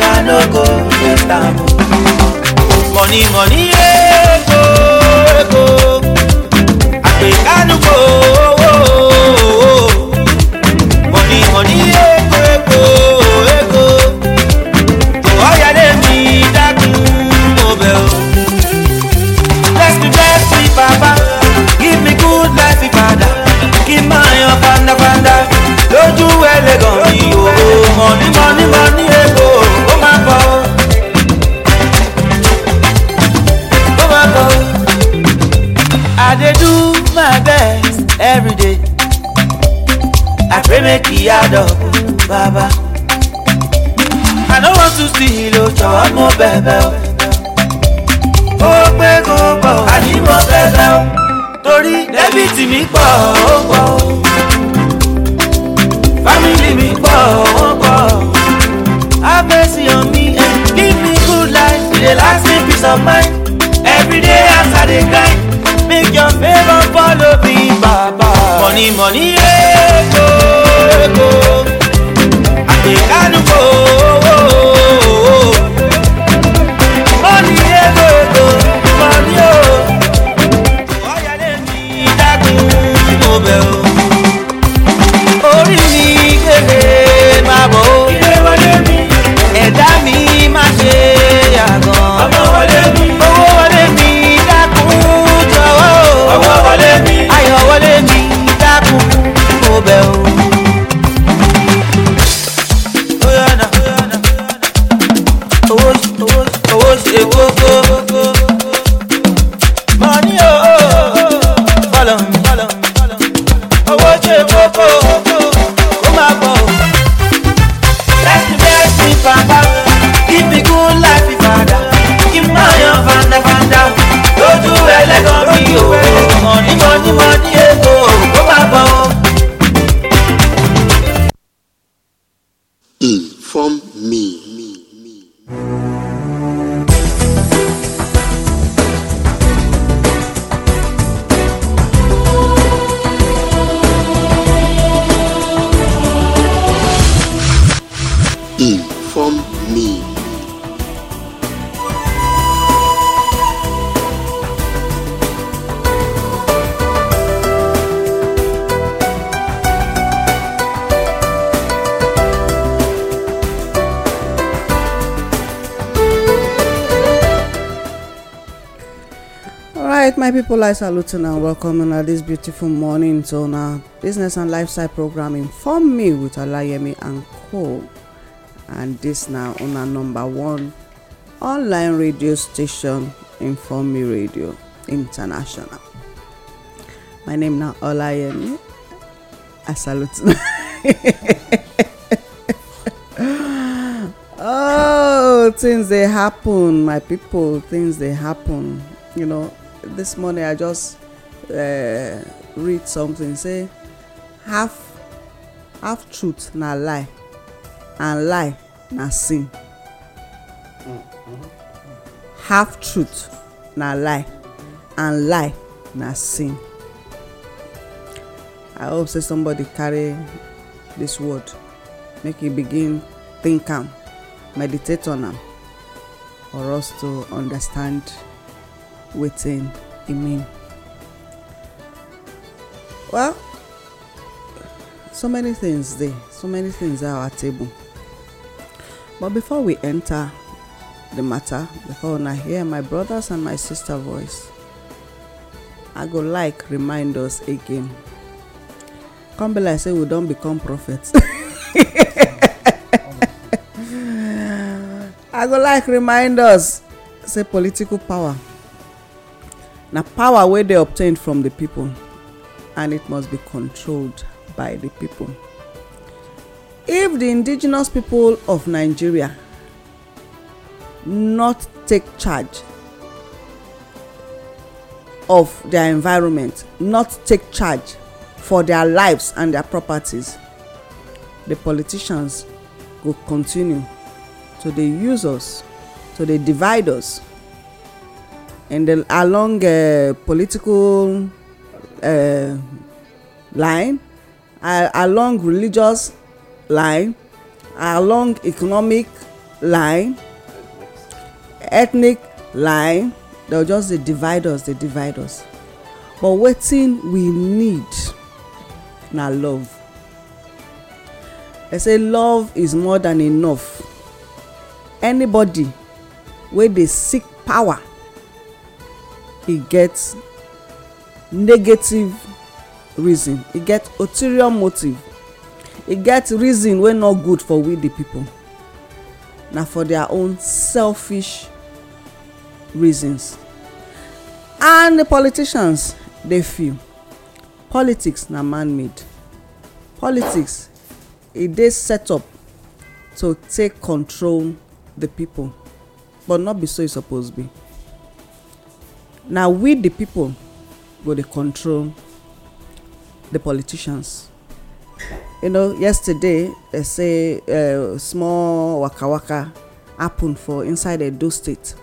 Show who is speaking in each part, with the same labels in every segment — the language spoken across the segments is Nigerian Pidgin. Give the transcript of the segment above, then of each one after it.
Speaker 1: money I no go waste Money money ego ego I can't go. Money money ego. make e add up baba. I no want to see you jọ̀wọ́ mo bẹ̀bẹ̀ o. Ó pé kó pọ̀ àní mo bẹ̀bẹ̀ o. Torí débìtì mi pọ̀ ó pọ̀ o. mi pọ̀ o. Have mercy on me and give me good life. E dey last me peace of mind. Every day as I dey grind. Make your favour follow me, Baba. Money, money, yeah, go. Oh. go. I think I know.
Speaker 2: all i salute una and welcome una this beautiful morning to our business and lifestyle program inform me with alayemi and co and this now on our number one online radio station inform me radio international my name now olayemi i salute una oh things they happen my people things they happen you know this morning i just uh, read something say half half truth na lie and lie na sin half truth na lie and lie na sin i hope say somebody carry this word make you begin think am meditate on am for us to understand within mean. Well, so many things there, so many things are our table. But before we enter the matter, before I hear my brothers and my sister voice, I go like remind us again. Come be like say we don't become prophets. I go like remind us say political power na power wey dey obtained from the people, and it must be controlled by the people. if the indigenous people of nigeria not take charge of their environment not take charge for their lives and their properties the politicians go continue to dey use us to dey divide us in the along uh, political uh, line uh, along religious line along economic line ethnic line dem just dey divide us dey divide us but wetin we need na love dem say love is more than enough anybody wey dey seek power e gets negative reason e get ulterior motive e get reason wey no good for we the people na for their own selfish reasons and the politicians dey feel politics na man made politics e dey set up to take control the people but no be so e suppose be na we the people go dey control the politicians you know yesterday they say uh, small waka waka happen for inside edo state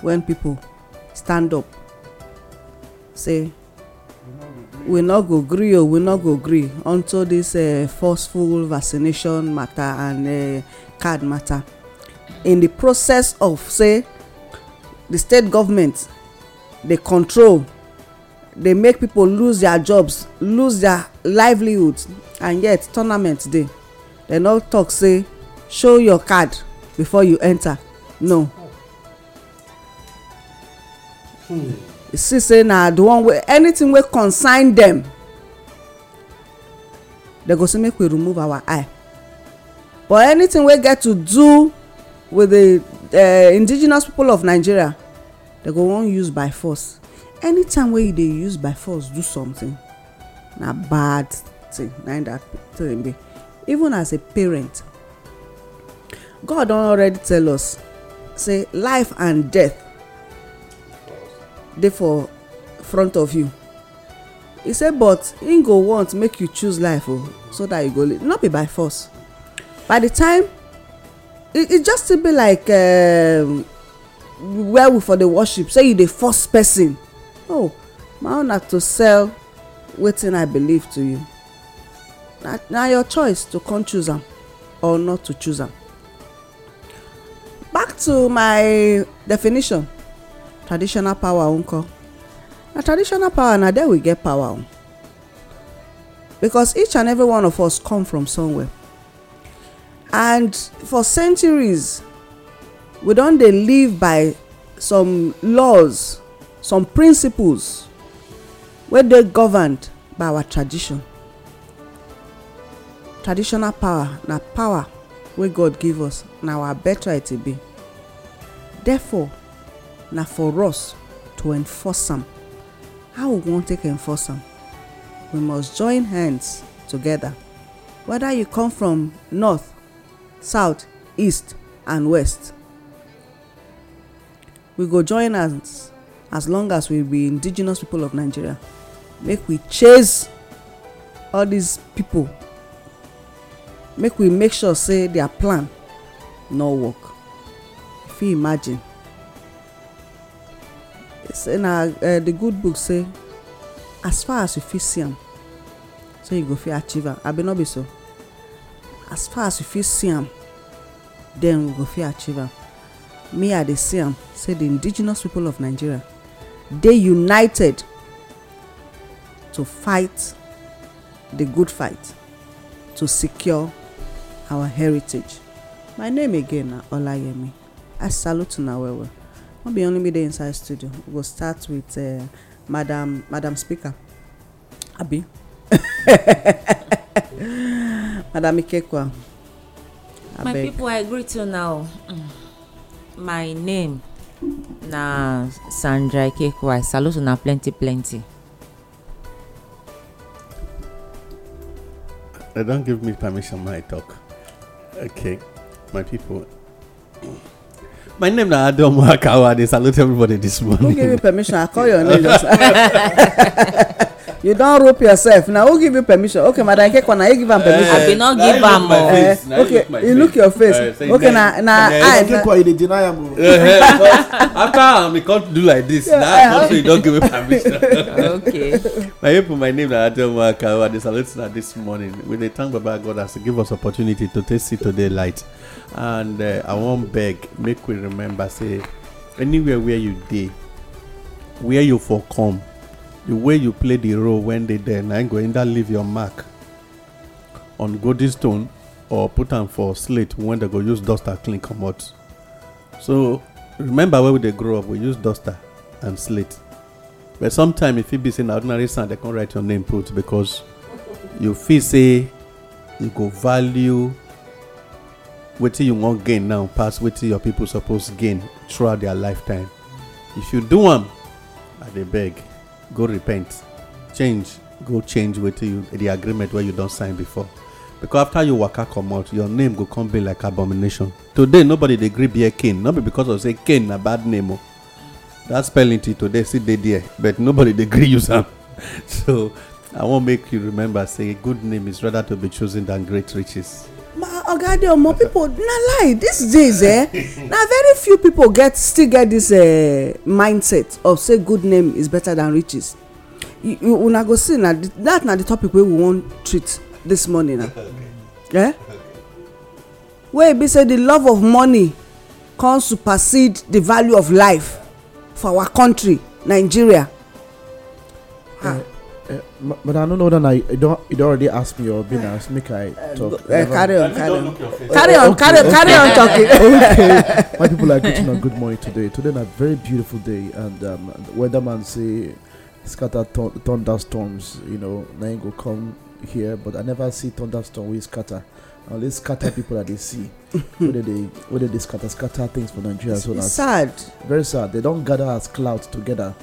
Speaker 2: when people stand up say we no go gree o oh, we no go gree unto this uh, forceful vaccination matter and uh, card matter in the process of say the state government dey control dey make pipo lose their jobs lose their livelihoods and yet tournament dey dem no talk say show your card before you enter no you see say na the one wey anything wey consign dem dem go say make we remove our eye but anything wey get to do with the eh, indigenous people of nigeria dem go wan use by force anytime wey you dey use by force do something na bad thing na that thing be even as a parent god don already tell us say life and death dey for front of you he say but him go want make you choose life o oh, so that you go live not be by force by the time it, just still be like um, where we for dey worship say you dey force person oh my own na to sell wetin i believe to you na na your choice to come choose am or not to choose am back to my definition traditional power nko na traditional power na there we get power o um. because each and every one of us come from somewhere and for centuries we don dey live by some laws some principles wey dey governed by our tradition traditional power na power wey god give us na our better e be therefore na for us to enforce am how we wan take enforce am we must join hands together whether you come from north south east and west we go join hands as long as we be indigenous people of nigeria make we chase all these people make we make sure say their plan no work you imagine say na uh, the good book say as far as you fit see am so you go fit achieve am abi no be so as far as you fit see am then you go fit achieve am me i dey see am say di indigenous people of nigeria dey united to fight the good fight to secure our heritage my name again na olayemi i salute una well well no be only me dey inside studio we go start with uh, madam madam speaker abi madam
Speaker 3: ikekwa my people, i greet you now mm my name na sandra ikekwe saluto na plenty plenty.
Speaker 4: They uh, don't give me permission when I talk. Okay, my people. My name is Adam Wakawa. They salute everybody this morning. Who gave you
Speaker 2: permission? I call your name. you don rope yourself now who give you permission okay madam kekwa eh, na you give am permission. i bin no give am
Speaker 4: o. Uh, okay you look your face uh, okay na na i. na kekwa
Speaker 5: you dey deny am oh. eh, o.
Speaker 4: after am e come do like this na i come say you don give me permission. okay. my people my name na adeomuaka i dey salute una this morning we dey thank baba god as he give us opportunity to take see today light and uh, i wan beg make we remember say anywhere where you dey where you for come the way you play the role when they there na im go either leave your mark on golden stone or put am for slate when they go use duster clean comot so remember when we dey grow up we use duster and slate but sometimes e fit be say na ordinary sand dem come write your name put because you feel say you go value wetin you wan gain now pass wetin your people suppose gain throughout their lifetime if you do am i dey beg go repent change go change wetin you the agreement wey you don sign before because after you waka comot your name go come be like abomination today nobody dey gree bear cain no be because of say cain na bad name o oh. that spelling till today still dey there but nobody dey gree use am so i wan make you remember say good name is rather to be chosen than great riches
Speaker 2: my oga dey omo people na lie these days eh na very few people get still get this uh, mindset of say good name is better than riches you una go see na that na the topic wey we wan treat this morning na eh wey be say the love of money come supersede the value of life for our country nigeria.
Speaker 5: Uh, ah. But I don't know that I don't. don't already asked me or been asked. Make I uh, talk. Uh, carry on, carry on, carry on, carry on, carry on talking. okay, my people are getting a good morning today. Today is a very beautiful day, and um, weatherman say scatter th- thunderstorms. You know, now go come here, but I never see thunderstorm with scatter. Only scatter people that they see. whether they whether they scatter scatter things for Nigeria. It's, so it's sad. Very sad. They don't gather as clouds together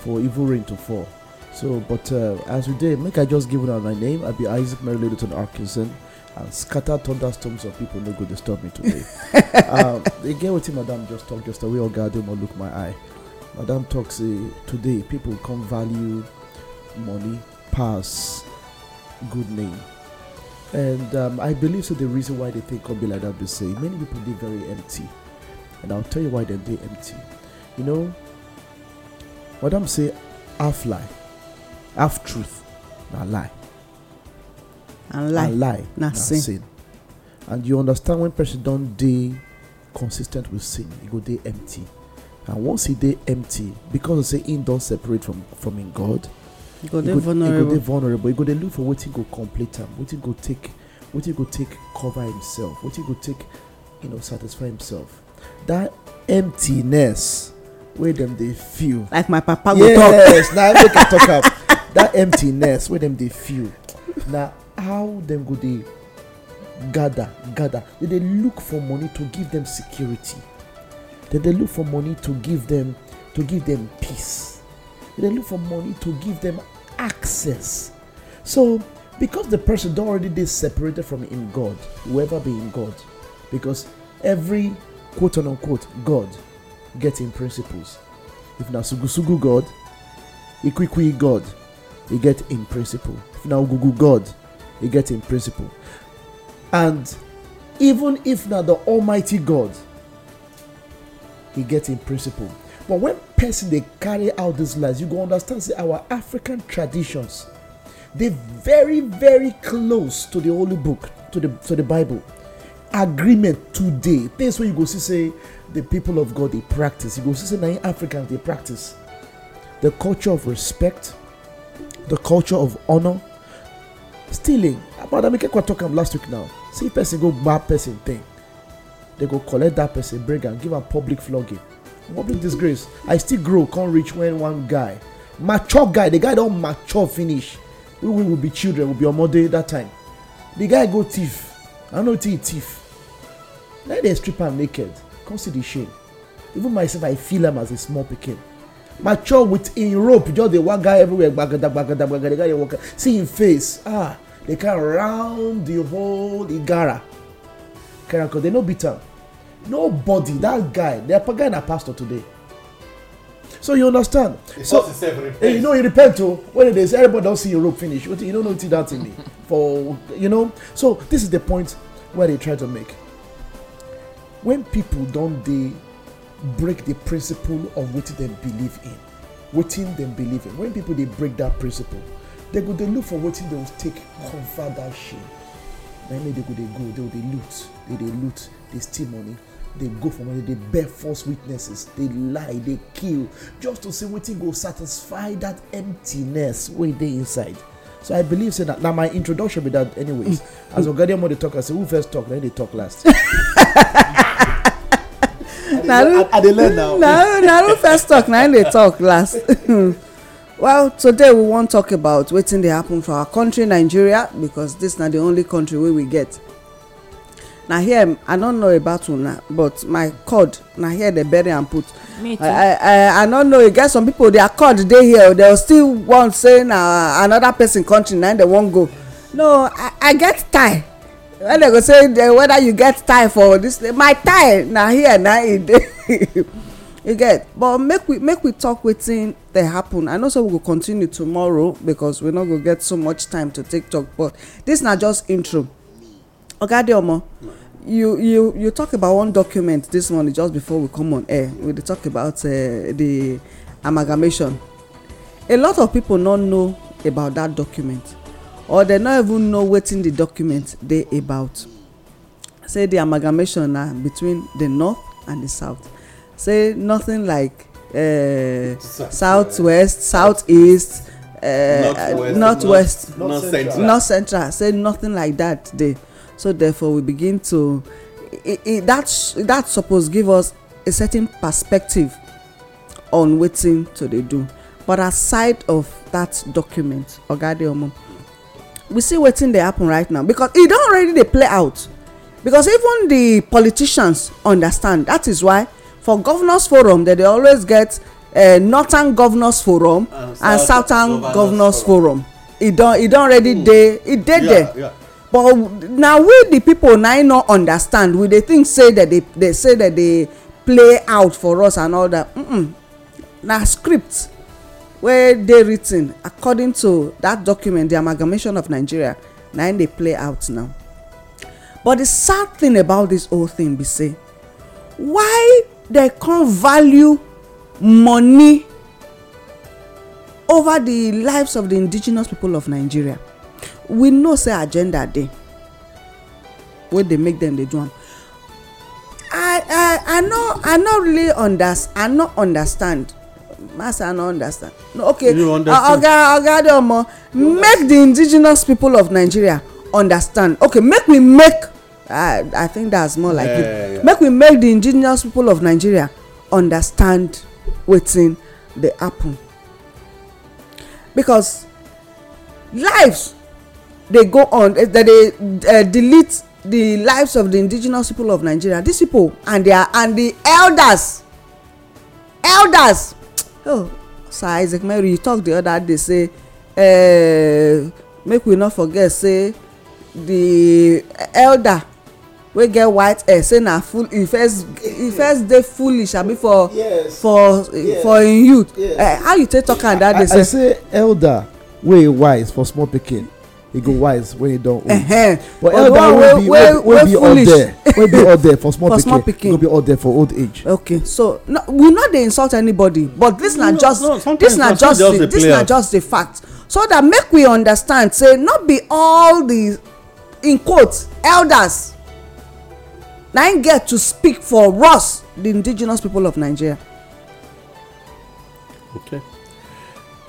Speaker 5: for evil rain to fall. So, but uh, as we did, make I just give out my name. I be Isaac Mary Littleton Arkinson. And scatter thunderstorms of people no to disturb me today. um, the girl with him, madam, just talk just away or garden or look my eye. Madam talks uh, today people come value money pass good name. And um, I believe so the reason why they think of be like that be say many people be very empty. And I'll tell you why they they empty. You know, madam say I fly. half truth na lie and lie and lie na sin. sin and you understand when person don dey consis ten t with sin e go dey empty and once e dey empty because of say im don separate from from im god e, e, e go dey vulnerable e go dey vulnerable e go dey look for wetin go complete am wetin go take wetin go take cover himself wetin go take you know satisfy himself that emptiness wey dem dey feel like my papa go talk yes na make i talk am that emptiness wey dem dey feel na how dem go dey gather gather dem dey look for money to give dem security dem dey look for money to give dem to give dem peace dem dey look for money to give dem access so because the person don already dey separated from in god whoever be im god because every quote unquote god get im principles if na sugusugu god ikwikwi god you get in principle if now google god you get in principle and even if now the almighty god he get in principle but when person they carry out these lies you go understand See our african traditions they very very close to the holy book to the to the bible agreement today things when you go see say the people of god they practice you go see say now in Africa they practice the culture of respect the culture of honor stealing abadomike talk am last week now see person go gbab person thing they go collect that person bring am give am public flogging public disgrace i still grow come reach when one guy mature guy the guy don mature finish we we will be children we be omode that time the guy go thief i no tey he thief na dey strip am naked come see the shame even myself i feel am as a small pikin mature with him rope just dey one guy everywhere gbagada gbagada gbagada the guy dey walk see him face ah they can round the whole igara karakon they no beat am nobody that guy that guy na pastor today so you understand
Speaker 4: he so eh you know
Speaker 5: he repent o oh, when they say everybody don see him rope finish you no know wetin that thing be for you know so this is the point wey i dey try to make when people don dey break the principle of what dem believe in wetin dem believe in when people dey break that principle they go dey look for wetin dem take cover that shame na im dey go dey go dem dey loot dem dey loot dey steal money dey go for money dey bear false witnesses dey lie dey kill just to see wetin go satisfy that emptiness wey dey inside so i believe say na, na my introduction be that anyways as ogademo dey talk i say who first talk na him dey talk last. i dey learn now na who first talk na im dey talk last
Speaker 2: well today we wan talk about wetin dey happen for our country nigeria because this na the only country wey we get na here i no know about una but my cord na here dem bury am put Me i i i no know e get some pipo their cord dey here They still want say na another person country na im dem wan go no i i get tie when dem go say whether you get time for this my time na here na e dey you get but make we make we talk wetin dey happen i know say we go continue tomorrow because we no go get so much time to take talk but this na just intro oga adeomo you you you talk about one document this morning just before we come on air we dey talk about uh, the amalgamation a lot of people no know about that document or they no even know wetin the document dey about say the amalgamation na between the north and the south say nothing like eh, south southwest eh, southeast northwest eh, north west, north central say nothing like that. dey so therefore we begin to that that suppose give us a certain perspective on wetin to dey do but aside of that document oga adeomu we see wetin dey happen right now because e don already dey play out because even the politicians understand that is why for governors forum dem dey always get eh, northern governors forum and southern governors forum e don e already hmm. dey e dey there but na we the people na e no understand we dey think say that they they say that they play out for us and all dat na script wey dey written according to dat document di amalgamation of nigeria na im dey play out now but di sad thing about dis whole thing be say why dem come value money over di lives of di indigenous people of nigeria we know say agenda dey wey dey make dem dey do am i i i no really under I understand massa no understand no
Speaker 1: okay oga
Speaker 2: oga adeomo make the indigenous people of nigeria understand okay make we make i i think that's more like it make we make the indigenous people of nigeria understand wetin dey happen because lives dey go on eh, they dey eh, delete the lives of the indigenous people of nigeria these people and their and the elders elders oh sir isaac mary you talk the other day say uh, make we not forget say the elder wey get white hair say na full he first he first dey foolish abi for yes. for yes. for im youth yes. uh, how you take talk am that day. i say
Speaker 5: elder wey wise for small pikin e go wise when e don old but oh, elder wey be all there wey be all there for small pikin go be all there for old age okay so
Speaker 2: we no dey insult anybody but this na just This na just the fact so that make we understand say not be all the in quotes elders na im get to speak for us the indigenous people of nigeria
Speaker 4: okay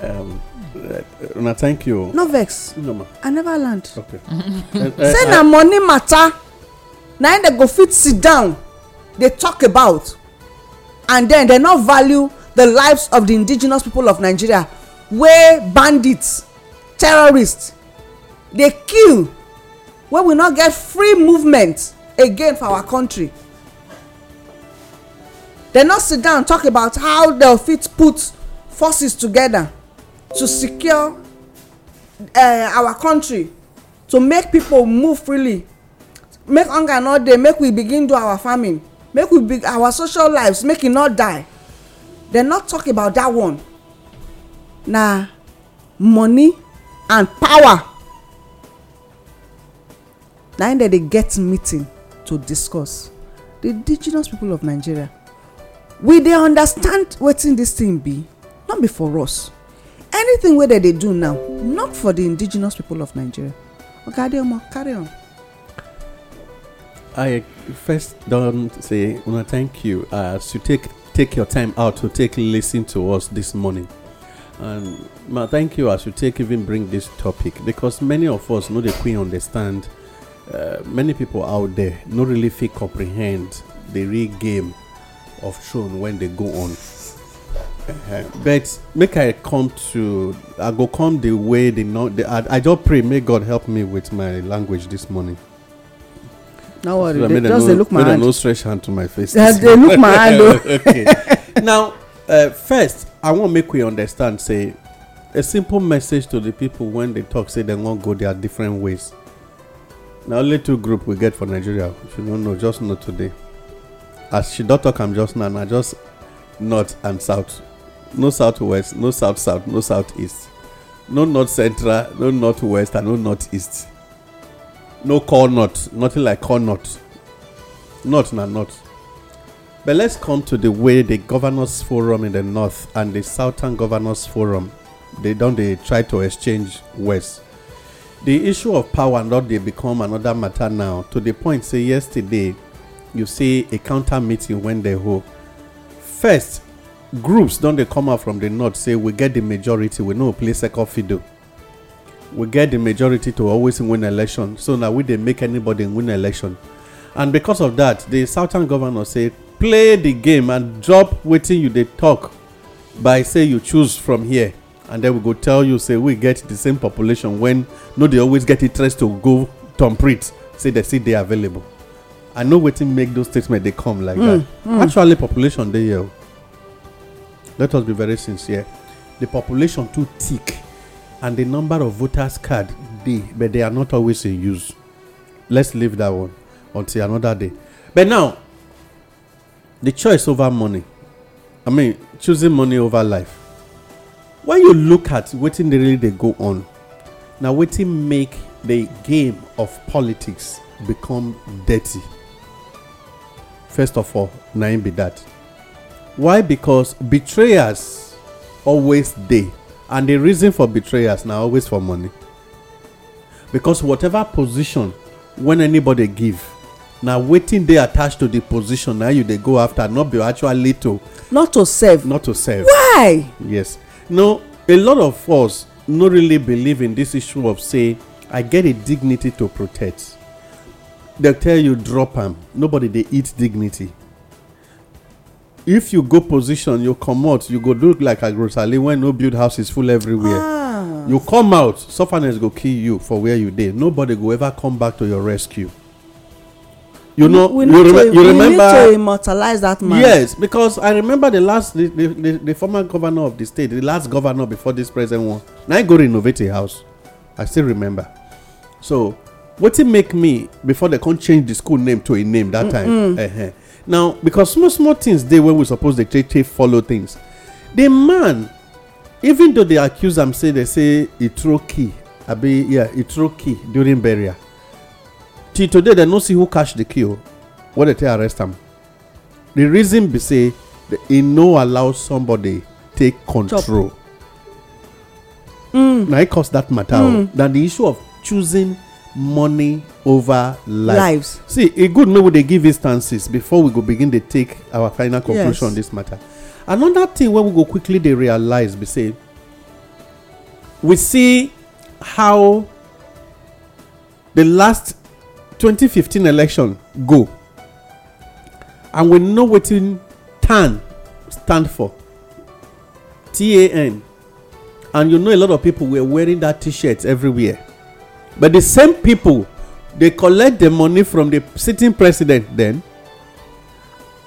Speaker 4: um, Uh, una thank you no vex i never land eh, say eh, na eh.
Speaker 2: money matter na im dem go fit sit down dey talk about and then dem no value the lives of the indigenous people of nigeria wey bandits terrorists dey kill wey we no get free movement again for our country dem no sit down talk about how dem fit put forces together to secure uh, our country to make people move freely make hunger no dey make we begin do our farming make we be our social lives make e no die dem no talk about dat one na money and power na im dem dey get meeting to discuss the indigenous people of nigeria we dey understand wetin dis thing be no be for us anything wey dem dey do now not for the indigenous people of nigeria oga adeomo carry on
Speaker 4: i first don say una thank you uh, as you take take your time out to take listen to us this morning and ma thank you as you take even bring this topic because many of us no dey quick understand uh, many people out there no really fit comprehend the real game of throne when they go on Eh, but make i come to i go come the way the no i just pray may god help me with my language this morning
Speaker 2: no worry so they just dey look my hand no stretch hand to my face this morning look my hand oh. okay
Speaker 4: now eh, first i want make we understand say a simple message to the people when they talk. say dem wan go dia different ways Now only two group we get for nigeria if you don't know just know today as she don't talk, I'm just now I just north and south no southwest no south south no southeast no north central no northwest and no northeast no core north nothing like core north north na north but let's come to the way the governors forum in the north and the southern governors forum they don dey try to exchange words the issue of power don dey become another matter now to the point say yesterday you see a counter meeting wey dem hold first groups don dey come out from the north say we get the majority we no play second fiddle we get the majority to always win election so na we dey make anybody win election and because of that, the southern governor say play the game and drop wetin you dey talk by say you choose from here and then we go tell you say we get the same population When no dey always get interest to go tomprint say dem still dey available i know wetin make those statements dey come like dat hmm, hmm. actually population dey here let us be very sincere the population too thick and the number of voters card dey but they are not always in use let's leave that one until another day but now the choice over money i mean choosing money over life when you look at wetin dey really dey go on na wetin make the game of politics become dirty first of all na im be that why because betrayers always dey and the reason for betrayers na always for money because whatever position when anybody give na wetin dey attached to the position na you dey go after not be actually to. not to serve not to serve. why. yes no a lot of us no really believe in this issue of say i get a dignity to protect dem tell you drop am nobody dey eat dignity if you go position you comot you go look like agrosale when no build houses full everywhere ah. you come out sufferness go kill you for where you dey nobody go ever come back to your rescue
Speaker 2: you know we you, rem- to, you remember we need to immortalize that man yes
Speaker 4: because i remember the last the the, the, the former governor of the state the last governor before this present one na go renovate a house i still remember so wetin make me before they come change the school name to a name that mm -mm. time uh -huh, now because small small things dey wey we suppose dey take take follow things the man even though they accuse am say they say e throw key abi yeah e throw key during burial till today they no see who catch the key o oh. wey dey take arrest am the reason be say he no allow somebody take control mm. na e cause that matter o oh. mm. na the issue of choosing money over life. lives. See, it good may we they give instances before we go begin to take our final conclusion yes. on this matter. Another thing when we go quickly they realize we say we see how the last 2015 election go and we know wetin tan stand for tan and you know a lot of people were wearing that t-shirt everywhere but the same people they collect the money from the sitting president then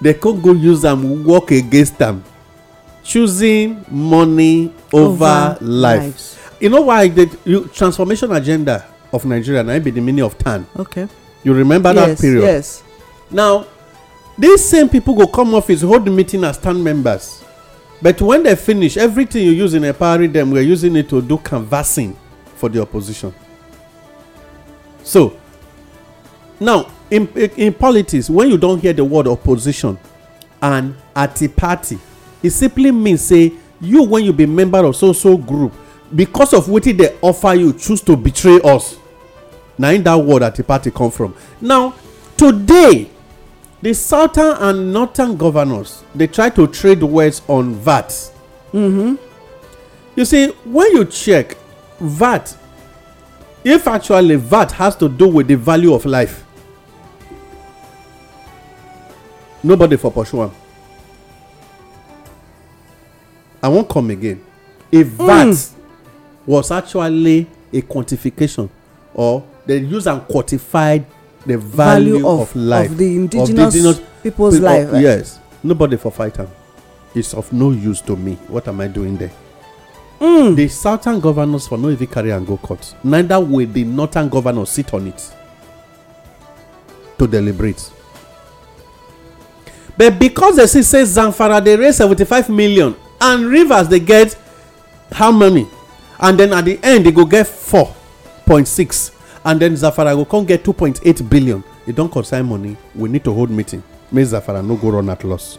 Speaker 4: they could go use am work against am choosing money over, over life. life you know why the transformation agenda of nigeria na be the meaning of tan okay you remember yes, that period yes now these same people go come office hold meeting as tan members but when they finish everything you use in empowering them we're using it to do canvassing for the opposition so now in in politics when you don hear the word opposition and ati party e simply mean say you when you be member of so so group because of wetin dey offer you choose to betray us na in that word ati party come from now today the southern and northern governors dey try to trade words on vat. Mm-hmm. you see when you check vat if actually vat has to do with the value of life nobody for pursue am i wan come again if mm. vat was actually a quantification or they use am quantify the value of life of the indigenous people's life yes nobody for fight am it's of no use to me what am i doing there mm. the southern governors for no even carry am go court neither will the northern governors sit on it to deliberate but because they see say zamfara dey raise seventy-five million and rivers dey get how many and then at the end they go get four point six and then zamfara go come get two point eight billion e don consign money we need to hold meeting make zamfara no go run at loss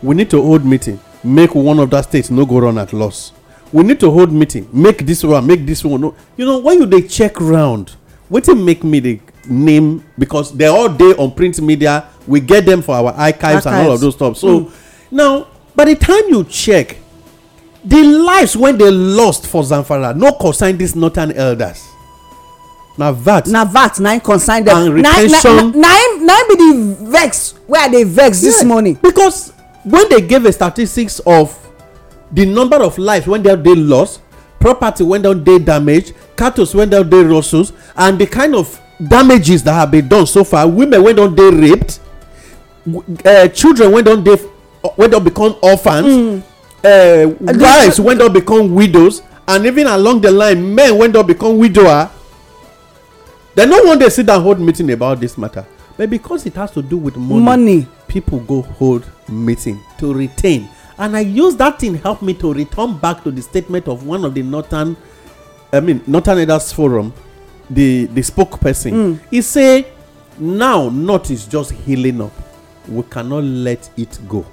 Speaker 4: we need to hold meeting make one of that state no go run at loss we need to hold meeting make this one make this one no you know when you dey check round wetin make me dey name because they all day on print media we get them for our archives, archives. and all of those stuff so mm. now by the time you check the lives when they lost for zamfara no concern these northern elders na vat na vat na im concern them and retention na im na im be the vex wey i dey vex yeah. this morning. because when they gave a statistics of the number of lives wey dem dey lost property wey dem dey damaged cattle wey dem dey rustled and the kind of damages that have been done so far women wey don dey raped eh, children wey don uh, become orphans mm. eh, uh, wives wey don become widows and even along the line men wey don become widower dem no wan dey sit down hold meeting about dis matter but because it has to do with money people go hold meeting to retain and i use that thing help me to return back to the statement of one of the northern i mean northern elders forum the the spokesperson mm. he say now north is just healing up we cannot let it go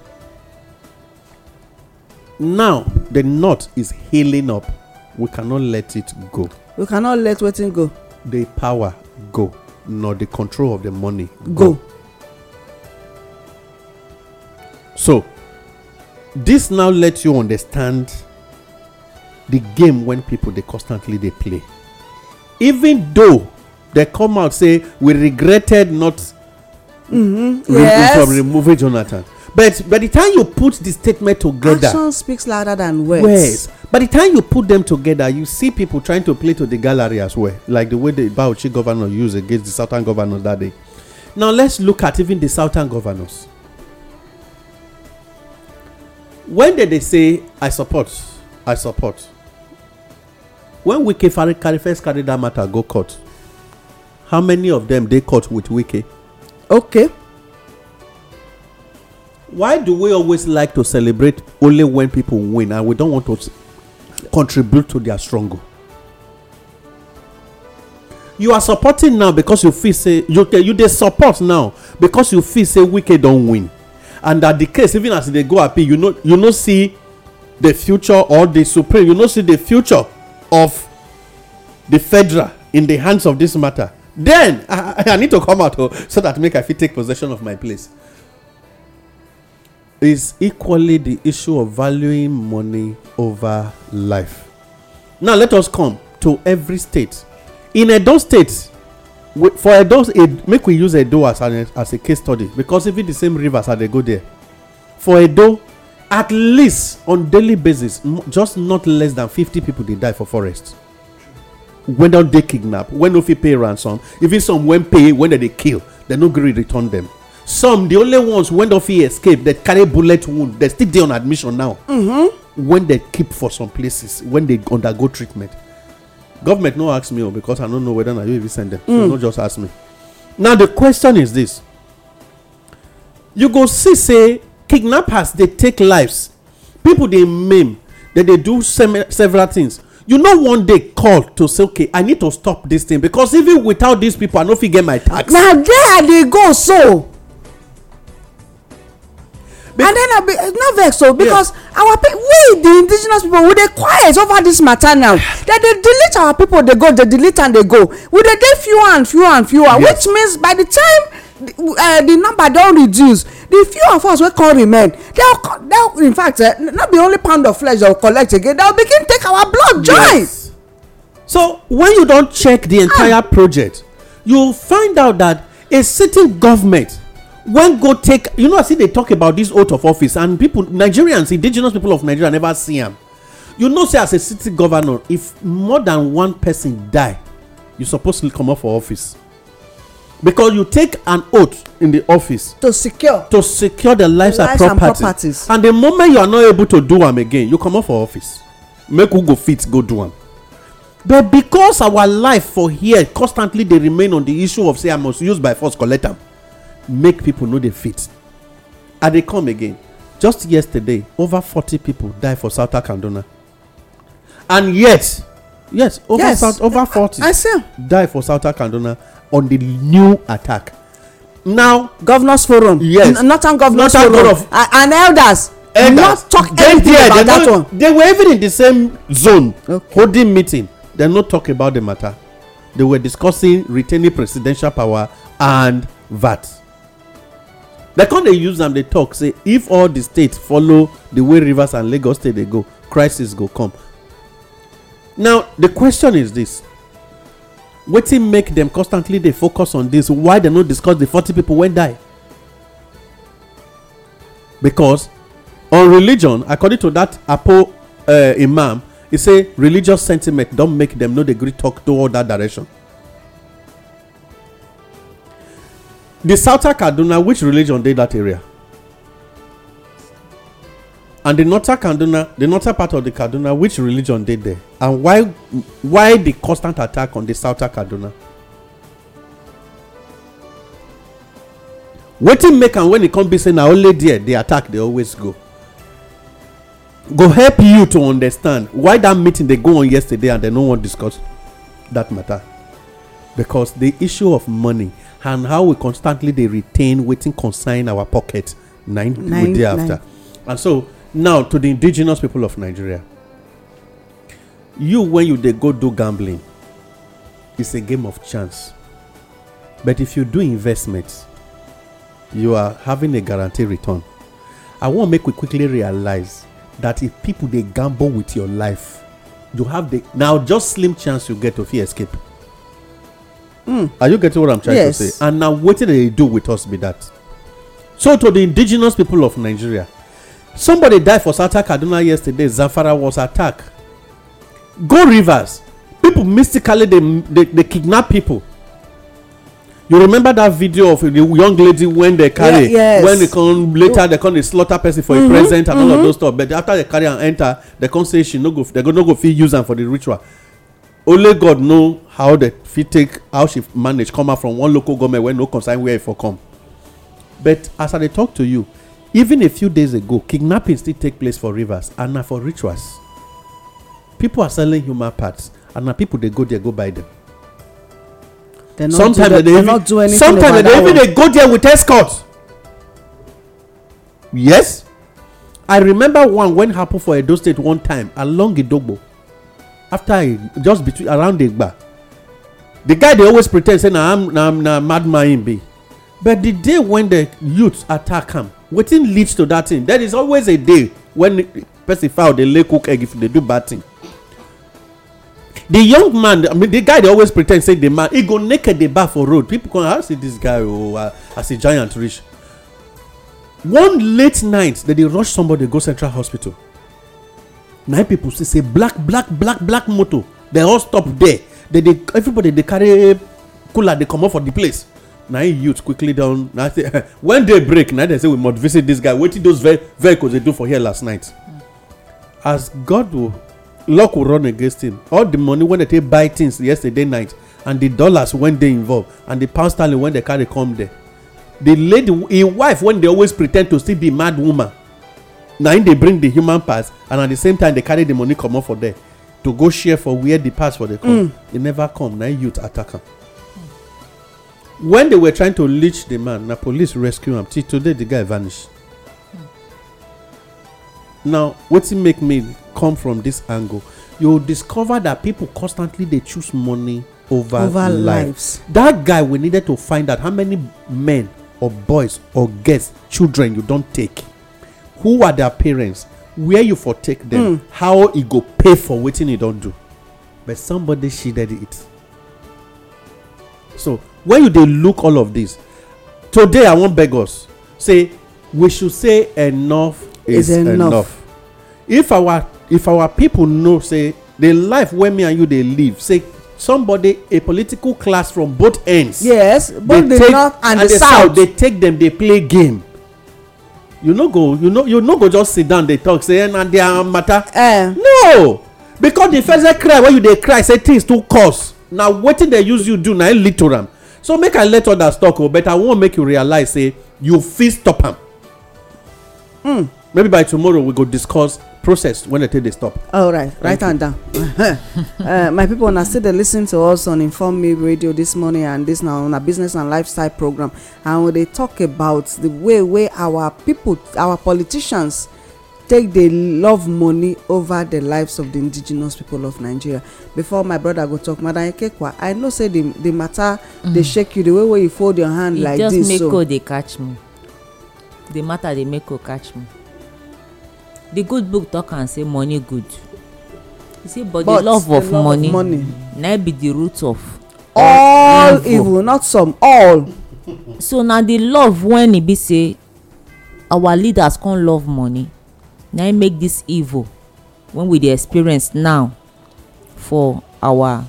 Speaker 4: now the north is healing up we cannot let it go we cannot let wetin go the power go nor the control of the money go, go. so this now lets you understand the game when people they constantly they play even though they come out say we regretted not
Speaker 1: mm-hmm. yes. from
Speaker 4: removing jonathan but by the time you put the statement together action
Speaker 2: speaks louder than words yes
Speaker 4: by the time you put them together you see people trying to play to the gallery as well like the way the bauchi governor used against the southern governors that day now let's look at even the southern governors when did they say i support i support when wike carry first carry that matter go court how many of them dey court with wike okay. why do we always like to celebrate only when people win and we don't want to contribute to their struggle you are supporting now because you feel say you you dey support now because you feel say wike don win and that the case even as e dey go appeal you no you no see the future or the supreme you no see the future of the federal in the hands of this matter then i, I need to come out oh, so that make i fit take possession of my place is equally the issue of valuing money over life now let us come to every state in edo state we, for edo make we use edo as, an, as a case study because even the same rivers i dey go there for edo at least on daily basis just not less than 50 people dey die for forest when don dey kidnap when no fit pay ransom even some wen pay when dem dey kill dem no gree return dem some the only ones wen don fit escape dey carry bullet wound dem still dey on admission now mm-hmm. wen dem keep for some places wen dey undergo treatment government no ask me o oh, because i no know whether na you even send dem so mm. no just ask me now the question is this you go see say kidnappers dey take lives people dey maim dem dey do several things you no one day call to say okay i need to stop this thing because even without these people i no fit get my tax na there i dey go so and then i be eh,
Speaker 2: no vex o because our people we the indigenous people we dey quiet over this matter now they dey delete our people dey go they delete and they go we dey dey fewer and fewer and fewer which means by the time Uh, the number don reduce the few of us wey come remain they'll in fact eh, not be only pound of flesh they'll collect again they'll begin take our blood join
Speaker 4: so when you don check the ah. entire project you find out that a sitting government wen go take you know as e dey talk about this oath of office and people nigerians indigenous people of nigeria never see am you know say as a city governor if more than one person die you suppose comot for office because you take an oath in the office. to secure to secure the lives, the lives and, properties. and properties and the moment you are not able to do am again you comot for office make who go fit go do am but because our life for here constantly dey remain on the issue of say i must use by force collect am make people no dey fit i dey come again just yesterday over forty people die for south kaduna and yet yes over yes, south over forty die for south kaduna on the new attack. now governors forum yes northern governors northern forum forum and elders elders not talk anything there, about that no, one. they were even in the same zone okay. holding meeting They no talk about the matter they were discussing retaining presidential power and vat They come dey use am dey talk say if all the states follow the way rivers and lagos state dey go crisis go come now the question is this wetin make dem constantly dey focus on this. why dem no discuss the forty people wey die because on religion according to that apo eh, imam e say religious sentiment don make dem no dey gree tok toward that direction The southern kaduna which religion dey that area and the northern kaduna the northern part of the kaduna which religion dey there and why why the constant attack on the southern kaduna wetin make am when e come be say na only there the attack dey always go go help you to understand why that meeting dey go on yesterday and dem no wan discuss that matter because the issue of money and how we constantly dey retain wetin concern our pocket na im we dey after and so now to the indigenous people of nigeria you when you dey go do gambling it's a game of chance but if you do investment you are having a guaranteed return i wan make we quickly realize that if people dey gamble with your life you have the now just slim chance you get to fit escape mm. are you getting what i'm trying yes. to say and na wetin dey do with us be that so to the indigenous people of nigeria Somebody died for Santa Kaduna yesterday. Zamfara was attacked. Go rivers. People mystically they, they, they kidnap people. You remember that video of the young lady when they carry yeah, yes. when they come later oh. they come they slaughter person for mm-hmm, a present and mm-hmm. all of mm-hmm. those stuff. But after they carry and enter, they come say she no go they go no go fit use am for the ritual. Only God know how they fit take how she manage come out from one local government when no concern where e for come. But as I dey talk to you, even a few days ago kidnapping still take place for rivers and na for rituals people are selling human parts and na people dey go there go buy them sometimes they even sometimes dem even dey go there with escort yes i remember one when happen for edo state one time along idogbo after i just between around egba the guy dey always pretend say na madman im be but the day when the youth attack am wetin leads to that thing there is always a day when person fowl dey lay cook egg if dey do bad thing the young man i mean the guy dey always pretend say the man He go naked dey baff for road people come how see this guy oh uh, as a giant reach one late night dem dey rush somebody go central hospital Nine people see say black black black black motor dem all stop there they everybody dey carry cooler dey comot for the place na him youth quickly down na when day break na dem say we must visit dis guy wetin those vehicles dey do for here last night as god will luck will run against him all the money wey dem take buy things yesterday night and the dollars wey dey involved and the pound sterling wey dem carry come there the lady im wife wey dey always pretend to still be mad woman na im dey bring the human pass and at the same time dey carry the money comot for there to go share for where the pass for dey come e never come na youth attack am when they were trying to leach the man na police rescue am till today the guy vanish
Speaker 1: hmm.
Speaker 4: now wetin make me come from this angle you discover that people constantly dey choose money over, over lives. lives that guy we needed to find out how many men or boys or girls children you don take who are their parents where you for take them mm. how e go pay for wetin e don do but somebody she did it so when you dey look all of this today i wan beg us say we should say enough is enough if our if our people know say the life wey me and you dey live say somebody a political class from both ends yes both the north and the south they take them they play game you no go you no you no go just sit down dey talk say eh, na their matter eh. no because the first cry wey you dey cry say things too cost na wetin dey use you do na im lead to am so make i let others talk o oh, but i wan make you realize say you fit stop am mm. maybe by tomorrow we go discuss process when they take dey stop
Speaker 2: all right write am down uh, my people na still dey listen to us on inform me radio this morning and this na on a business and lifestyle program and we dey talk about the way wey our people our politicians take dey love money over the lives of the indigenous people of nigeria before my brother go talk madam ekekwa i know say the matter dey mm. shake you the way wey you fold your hand like this. so e just make o
Speaker 3: dey catch me the matter dey make o catch me the good book talk am say money good you see but the love of money na e be the root of all evil not some all so na the love wen e be say our leaders come love money na im make this evil wey we dey experience now for our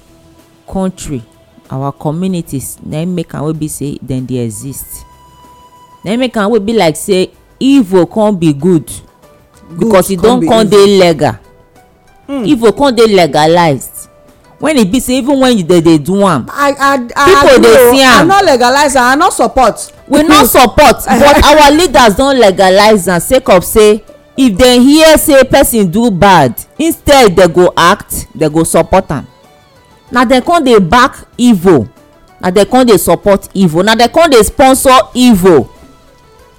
Speaker 3: country our communities na im make am wey be say dem dey exist na im make am wey be like say evil come be good, good because e don come dey legal mm. evil come dey legalized when e be say even when you dey dey do am people dey see am i no legalize am i no support we no support but our leaders don legalize am sake of say if dem hear say person do bad instead dem go act dem go support am na dem come dey back evil na dem come dey support evil na dem come dey sponsor evil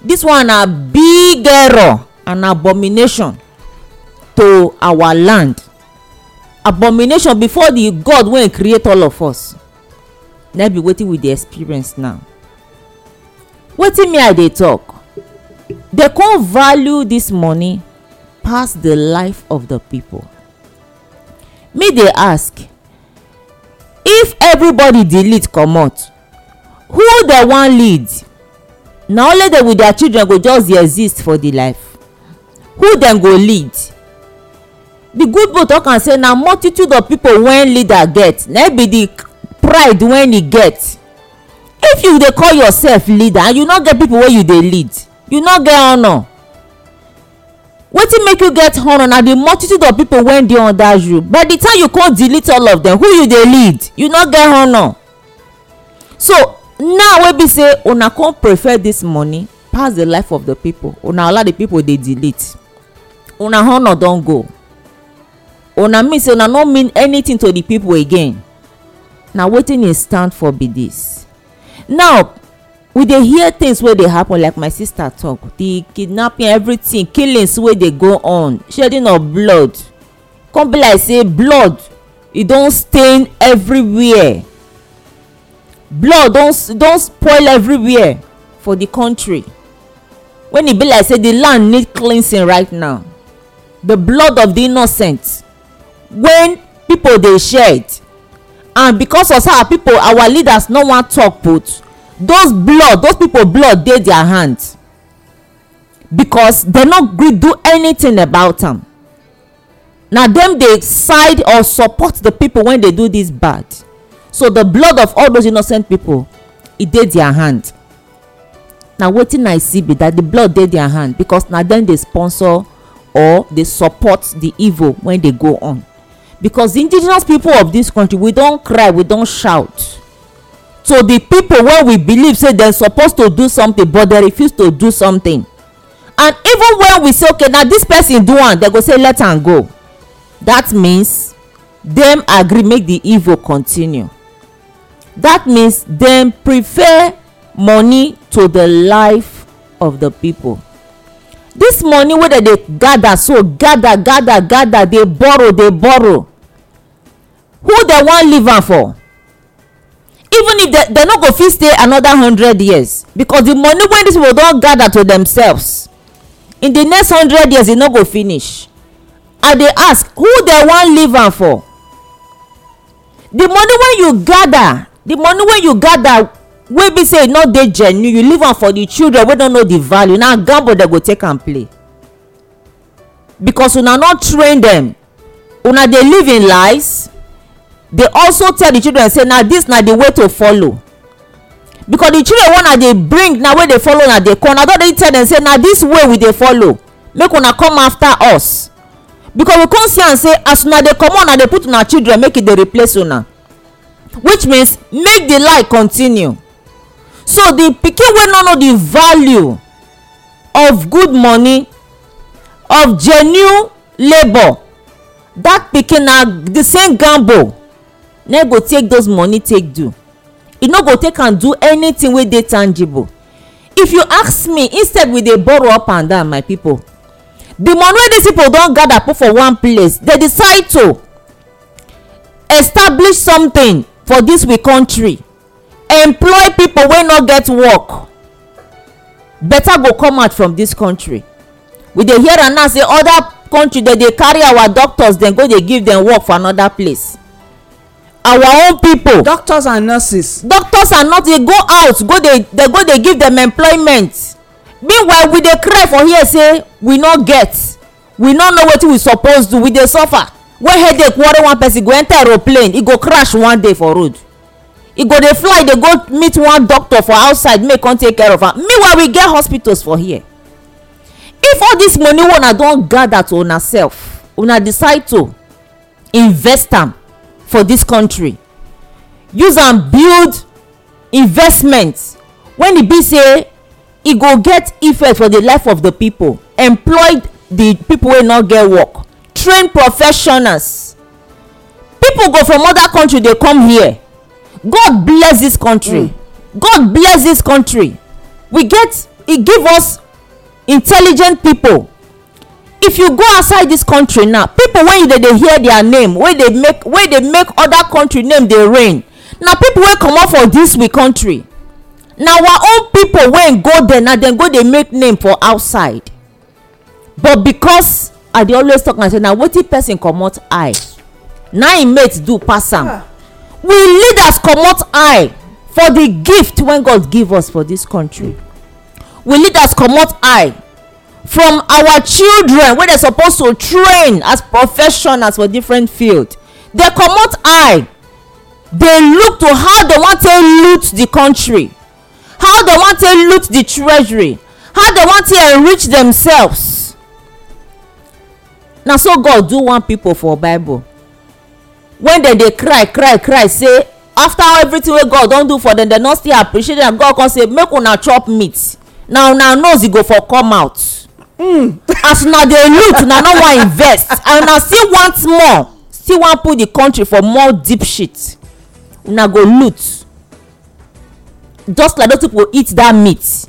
Speaker 3: this one na big error and abomination to our land abomination before the god wey create all of us na be wetin we dey experience now wetin me i dey talk They come value this money pass the life of the people me dey ask if everybody delete comot who dey wan lead na only them with their children go just dey exist for the life who dem go lead the good book talk am say na multitude of people wey leader get na be the pride wey e get if you dey call yourself leader and you no get people wey you dey lead you no get honour wetin make you get honour na the multitude of people wey dey under you by the time you come delete all of them who you dey lead you no get honour so now wey be say una come prefer this money pass the life of the people una allow the people dey delete una honour don go una mean say una no mean anything to the people again na wetin e stand for be this now we dey hear things wey dey happen like my sister talk the kidnapping everything killings wey dey go on shedding of blood come be like say blood e don stain everywhere blood don don spoil everywhere for the country when e be like say the land need cleansing right now the blood of the innocent when people dey shed and because of how people our leaders no wan talk put those blood those people blood dey their hand because dem no gree do anything about am na dem dey side or support the people wey dey do this bad so the blood of all those innocent people e dey their hand na wetin i see be that the blood dey their hand because na dem dey sponsor or dey support the evil wey dey go on because the indigenous people of this country we don cry we don shout to the people wey we believe say dem suppose to do something but they refuse to do something and even when we say okay na this person do am they go say let am go that means dem agree make the evil continue that means dem prefer money to the life of the people this money wey dem dey gather so gather gather gather dey borrow dey borrow who dem wan leave am for even if dem no go fit stay another hundred years because the money wey these people don gather to themselves in the next hundred years e no go finish i dey ask who dem wan leave am for the money wey you gather the money wey you gather wey be say e no dey genuine you leave am for the children wey no know the value na gamble dem go take am play because una no train dem una dey live in lies They also tell the children say na this na the way to follow because the children wey una dey bring na wey dey follow una dey come una don dey tell dem say na this way we dey follow make una come after us because we come see am say as una dey comot una dey put una children make e dey replace una which means make the lie continue so the pikin wey no know the value of good money of genuine labour that pikin na the same gamble na go take those money take do e no go take am do anything wey dey tangible if you ask me instead we dey borrow up and down my people the money wey these people don gather put for one place they decide to establish something for this we country employ people wey no get work better go come out from this country we dey hear am now say other country dey dey carry our doctors dem go dey give dem work for another place our own people. doctors and nurses. doctors and nurses dey go out go dey dey go dey give dem employment meanwhile we dey cry for here say we no get we no know wetin we suppose do we dey suffer when headache worry one person e go enter aeroplane e go crash one day for road e go dey fly dey go meet one doctor for outside make come take care of am meanwhile we get hospitals for here if all this money wey una don gather to una sef una decide to invest am for dis country use am build investment when e be say e go get effect for the life of the people. employ the people wey no get work train professionals People go from other country dey come here god bless this country mm. god bless this country we get e give us intelligent people if you go outside this country now people wey you dey hear their name wey dey make make other country name dey reign na pipo wey comot for this we country na our own people wey go there na dem go dey make name for outside but because i dey always talk na say na wetin pesin comot eye na im mate do pass am ah. we leaders comot eye for the gift wey god give us for this country we leaders comot eye from our children wey dey suppose to train as professionals for different field dey comot eye dey look to how dem wan take loot di country how dem wan take loot di treasury how dem wan take enrich themselves na so god do one people for bible when dem dey cry cry cry say after everything wey god don do for dem dem no still appreciate am god come say make una chop meat na una nose e go for come out mm. as una dey loot una no wan invest and una still want more still wan put the country for more deep shit una go loot just like those people eat that meat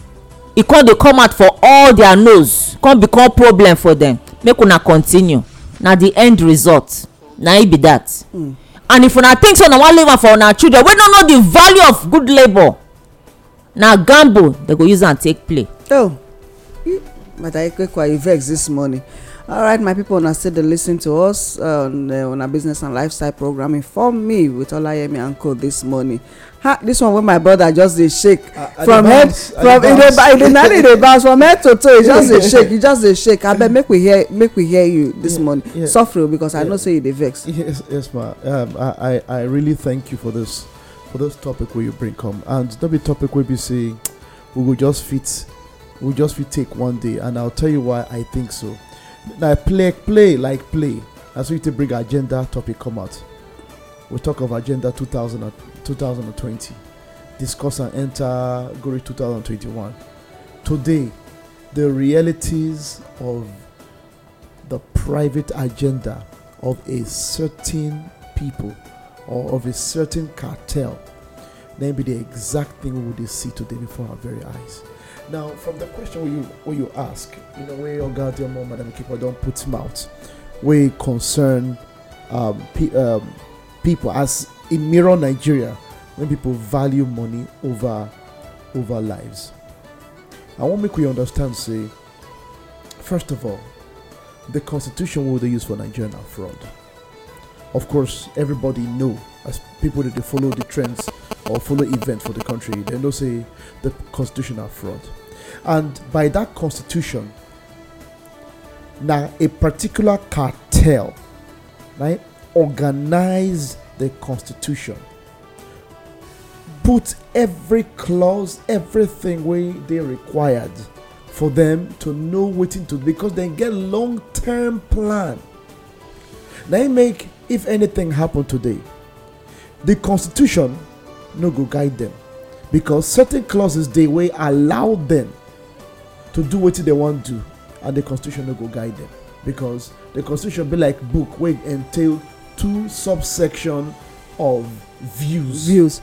Speaker 3: e come dey come out for all their nose come become problem for them make una continue na the end result na e be that mm. and if una think say una wan leave am for una children wey no know the value of good labour na gamble dem go use am take play. Oh
Speaker 2: madam ikwekwa vex this morning All right, my people, una still dey listen to us on una uh, business and lifestyle program inform me with olayemi and co dis morning ha This one wey my brother just dey shake from head from e dey bounce from head to toe e just dey shake e just dey shake abeg make we hear make we hear you dis morning suffering oh, because i know say you dey vex
Speaker 5: yes yes ma um, i i really thank you for this for this topic wey you bring come and no be topic wey be say we go just fit we just fit take one day and i'll tell you why i think so Now play play like play as we to bring agenda topic come out we talk of agenda 2000, 2020 discuss and enter glory 2021 today the realities of the private agenda of a certain people or of a certain cartel then be the exact thing we would see today before our very eyes now, from the question where you, where you ask, you know, where your God, mom, Madam Keeper, don't put him out, We concern um, pe- um, people as in Mirror Nigeria, when people value money over over lives. I want make we understand, say, first of all, the constitution will they use for Nigeria fraud. Of course, everybody know as people that they follow the trends or follow events for the country, they know say the constitutional fraud and by that constitution now a particular cartel right organize the constitution put every clause everything way they required for them to know what to do because they get long-term plan they make if anything happen today the constitution no go guide them because certain clauses they way allow them to do wetin they wan do and the constitution no go guide them, because the constitution be like book wey entail two subsection of views views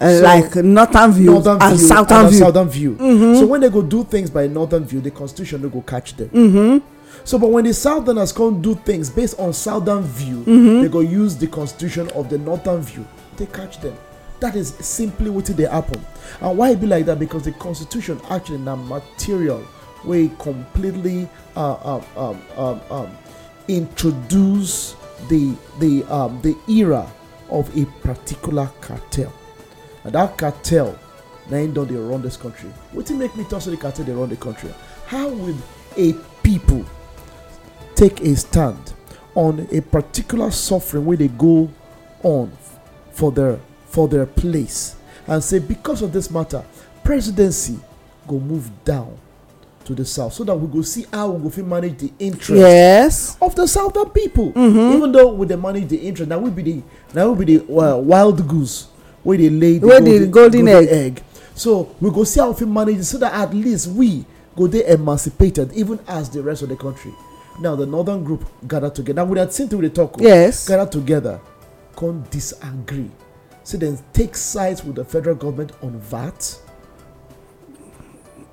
Speaker 5: uh, so like northern view and southern view mm-hmm. so when they go do things by northern view the constitution no go catch them mm-hmm. so but when the southerners come do things based on southern view mm-hmm. they go use the constitution of the northern view take catch them That is simply what they happen. And why it be like that? Because the constitution actually now material way completely uh, um, um, um, um, introduce the the um, the era of a particular cartel. And that cartel now don't they run this country. What make me toss the cartel they run the country? How would a people take a stand on a particular suffering where they go on for their for their place and say, because of this matter, presidency go move down to the south so that we go see how we will manage the interest yes. of the southern people mm-hmm. even though we dey manage the interest that we be the na we be the uh, wild goose where they lay the, golden, the golden, egg. egg so we go see how we manage it so that at least we go They emancipated even as the rest of the country now the northern group gather together now we had seen through the talk oh. yes gather together can't disagree Say then take sides with the federal government on VAT.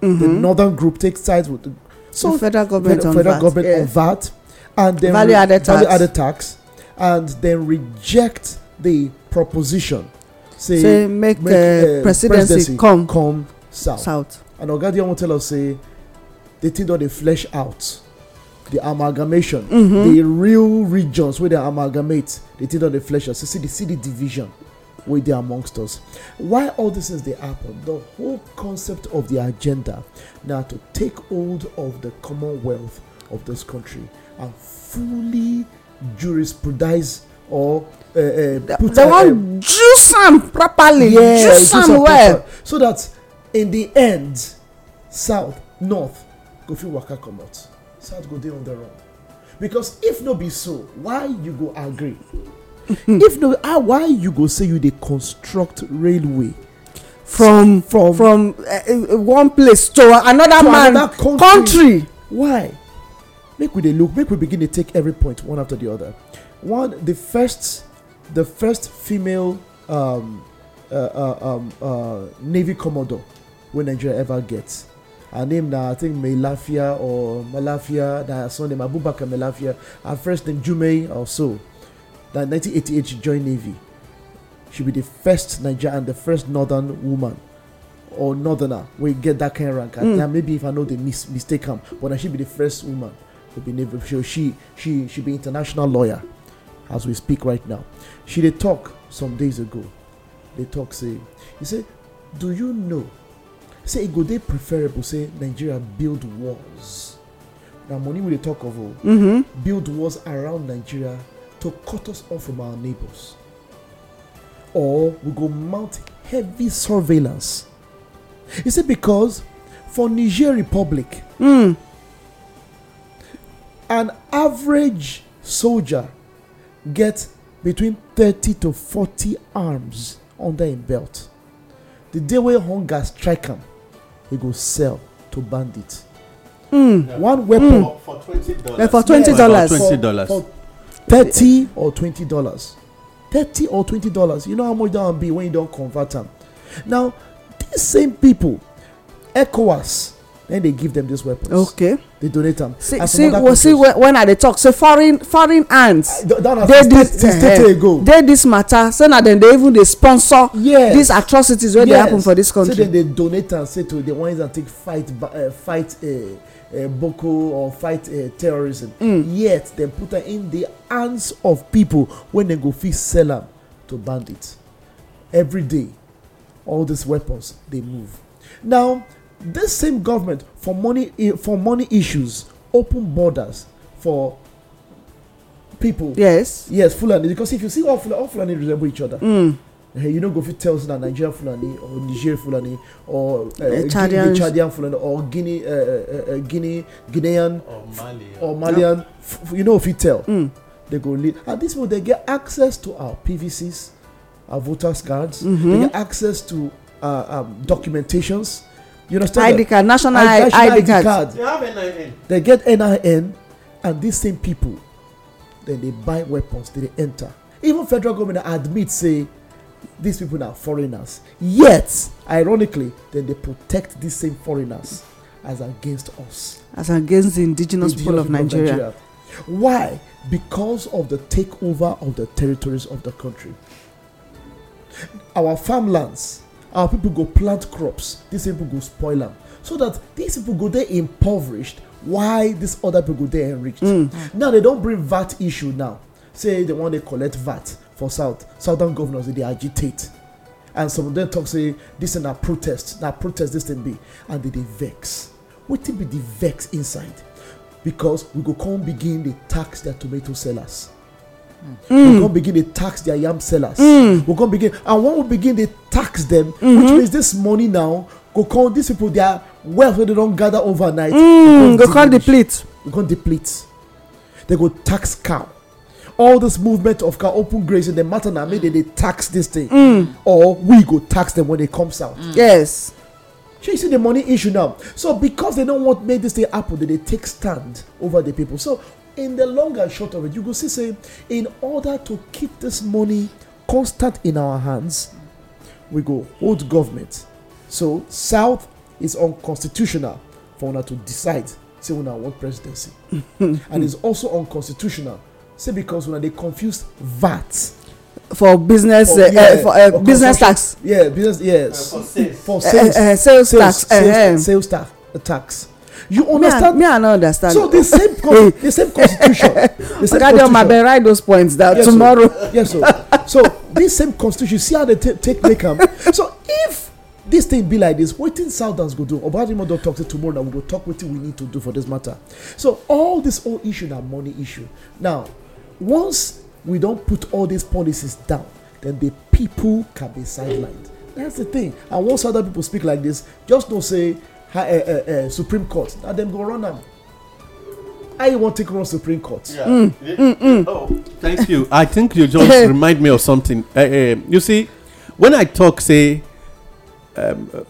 Speaker 5: Mm-hmm. The northern group takes sides with the, so the federal government, federal, on, federal VAT. government yeah. on VAT, and then value added re- tax. value added tax, and then reject the proposition. Say, say make, make uh, presidency, presidency, come come south. south. And Ogadiyan will tell us say they think that they flesh out the amalgamation mm-hmm. the real regions where they amalgamate They think that they flesh out So see the city division wey dey amongst us why all these things dey happen the whole concept of the agenda na to take hold of the commonwealth of this country and fully jurisprudize or uh, uh, put they wan juice am properly yeah, juice am well proper, so that in the end south north go fit waka comot south go dey on their own because if no be so why you go agree if no how ah, why you go say you dey construct railway from from from eh, eh, one place to another man country why make we dey look make we begin dey take every point one after the other one the first the first female um, uh, uh, um, uh, navy commodore wey nigeria ever get her name na i think melafia or malafia na her son name abubakar melafia her first name jumei or so that 1988 she joined Navy. She'll be the first Nigerian and the first northern woman or northerner we get that kind of rank. Mm. And hmm. maybe if I know the mis- mistake come, but she'll be the first woman to be Navy. she she she be international lawyer as we speak right now. She did talk some days ago. They talk say you say, Do you know? Say it go they preferable say Nigeria build walls. Now money we they talk of oh, mm-hmm. build walls around Nigeria to cut us off from our neighbors. Or we go mount heavy surveillance. Is it because for Niger Republic, mm. an average soldier gets between 30 to 40 arms under him belt. The day where hunger strike him, he go sell to bandits. Mm. Yeah. One weapon mm.
Speaker 4: for, for twenty dollars. Eh, yeah, for twenty dollars. For, for, for
Speaker 5: thirty or twenty dollars thirty or twenty dollars you know how much that one be when you don convert am now these same people ecowas then they give them these weapons. okay they donate am. see see well, see when,
Speaker 2: when i dey talk say so foreign foreign hands. Uh, that dey eh, this matter say na dem dey even dey sponsor. yes these atrocities wey yes. happen for this country. say dem
Speaker 5: dey donate am say to dey wan use am take fight uh, fight. Uh, uh, Boko or fight uh, terrorism. Mm. Yet they put her in the hands of people when they go fix sell them to bandits. Every day, all these weapons they move. Now, this same government for money eh, for money issues open borders for people. Yes. Yes, Fulani. Because if you see all Fulani, all Fulani resemble each other. Mm hey, eh, you no go fit tell say na nigerian fulani or niger fulani or eh, eh, uh, Chadian. chadian fulani or guinea uh, uh, guinea guinean or malian, or malian yeah. you no fit tell mm. they go lead And this point they get access to our pvcs our voters cards mm -hmm. they mm-hmm. get access to uh, um, documentations you understand id card national id, ID card. card they have nin they get nin and these same people then they buy weapons they enter even federal government admit say these people are foreigners. Yet, ironically, then they protect these same foreigners as against us. As against the indigenous, indigenous people, of, Nigeria. of Nigeria. Why? Because of the takeover of the territories of the country. Our farmlands, our people go plant crops, these people go spoil them. So that these people go there impoverished, why these other people go there enriched. Mm. Now they don't bring VAT issue now. Say they want to collect VAT for south southern governors dey agitate and some of them talk say this thing na protest na protest this thing be and they dey vex wetin be the vex inside because we go come begin dey tax their tomato sellers Mm. we go mm. begin dey tax their yam sellers mm. we go begin and when we begin dey tax them mm -hmm. which mm-hmm. means this money now go come these people their wealth wey they don gather overnight mm. go come deplete go come deplete they go tax cow all this movement of can open grace in the matter now, maybe they tax this thing. Mm. Or we go tax them when it comes out. Mm. Yes. So you see the money issue now. So because they don't want make this thing happen, they take stand over the people. So in the long and short of it, you go see say, in order to keep this money constant in our hands, we go hold government. So South is unconstitutional for una to decide say I want presidency, and it's also unconstitutional say because una dey confuse vat
Speaker 2: for business for eh, eh, eh, business tax
Speaker 5: yeah business yes uh, for sales sales tax
Speaker 2: sales tax tax. you understand me i no understand so the same the same constitution the same constitution oga been write
Speaker 5: those points yes, tomorrow yes so so this same constitution see how they take make am so if this thing be like dis wetin southerners go do obadimo don talk say tomorrow na we go tok wetin we need to do for this matter so all this whole issue na money issue now once we don't put all these policies down, then the people can be sidelined. That's the thing. And once other people speak like this, just don't say uh, uh, uh, Supreme Court. Now them go run them. I you want to run Supreme Court? Yeah. Mm, mm,
Speaker 4: mm. Oh, thank you. I think you just remind me of something. Eh, eh, you see, when I talk, say, um, uh,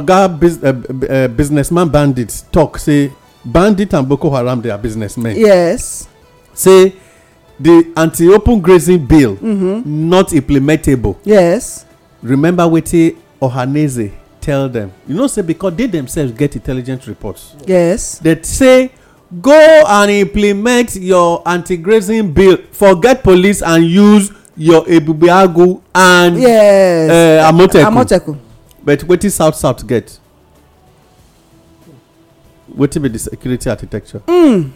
Speaker 4: oga uh, uh, businessman bandits talk, say, bandit and Boko Haram, they are businessmen.
Speaker 2: Yes.
Speaker 4: Say, the anti-open grazing bill mm-hmm. not implementable yes remember wetin ohaneze tell dem you know say because they themselves get intelligent reports yes That say go and implement your anti-grazing bill forget police and use your ebubeagu and
Speaker 2: yes eh, amotekun
Speaker 4: but wetin south south get wetin be the security architecture hmm.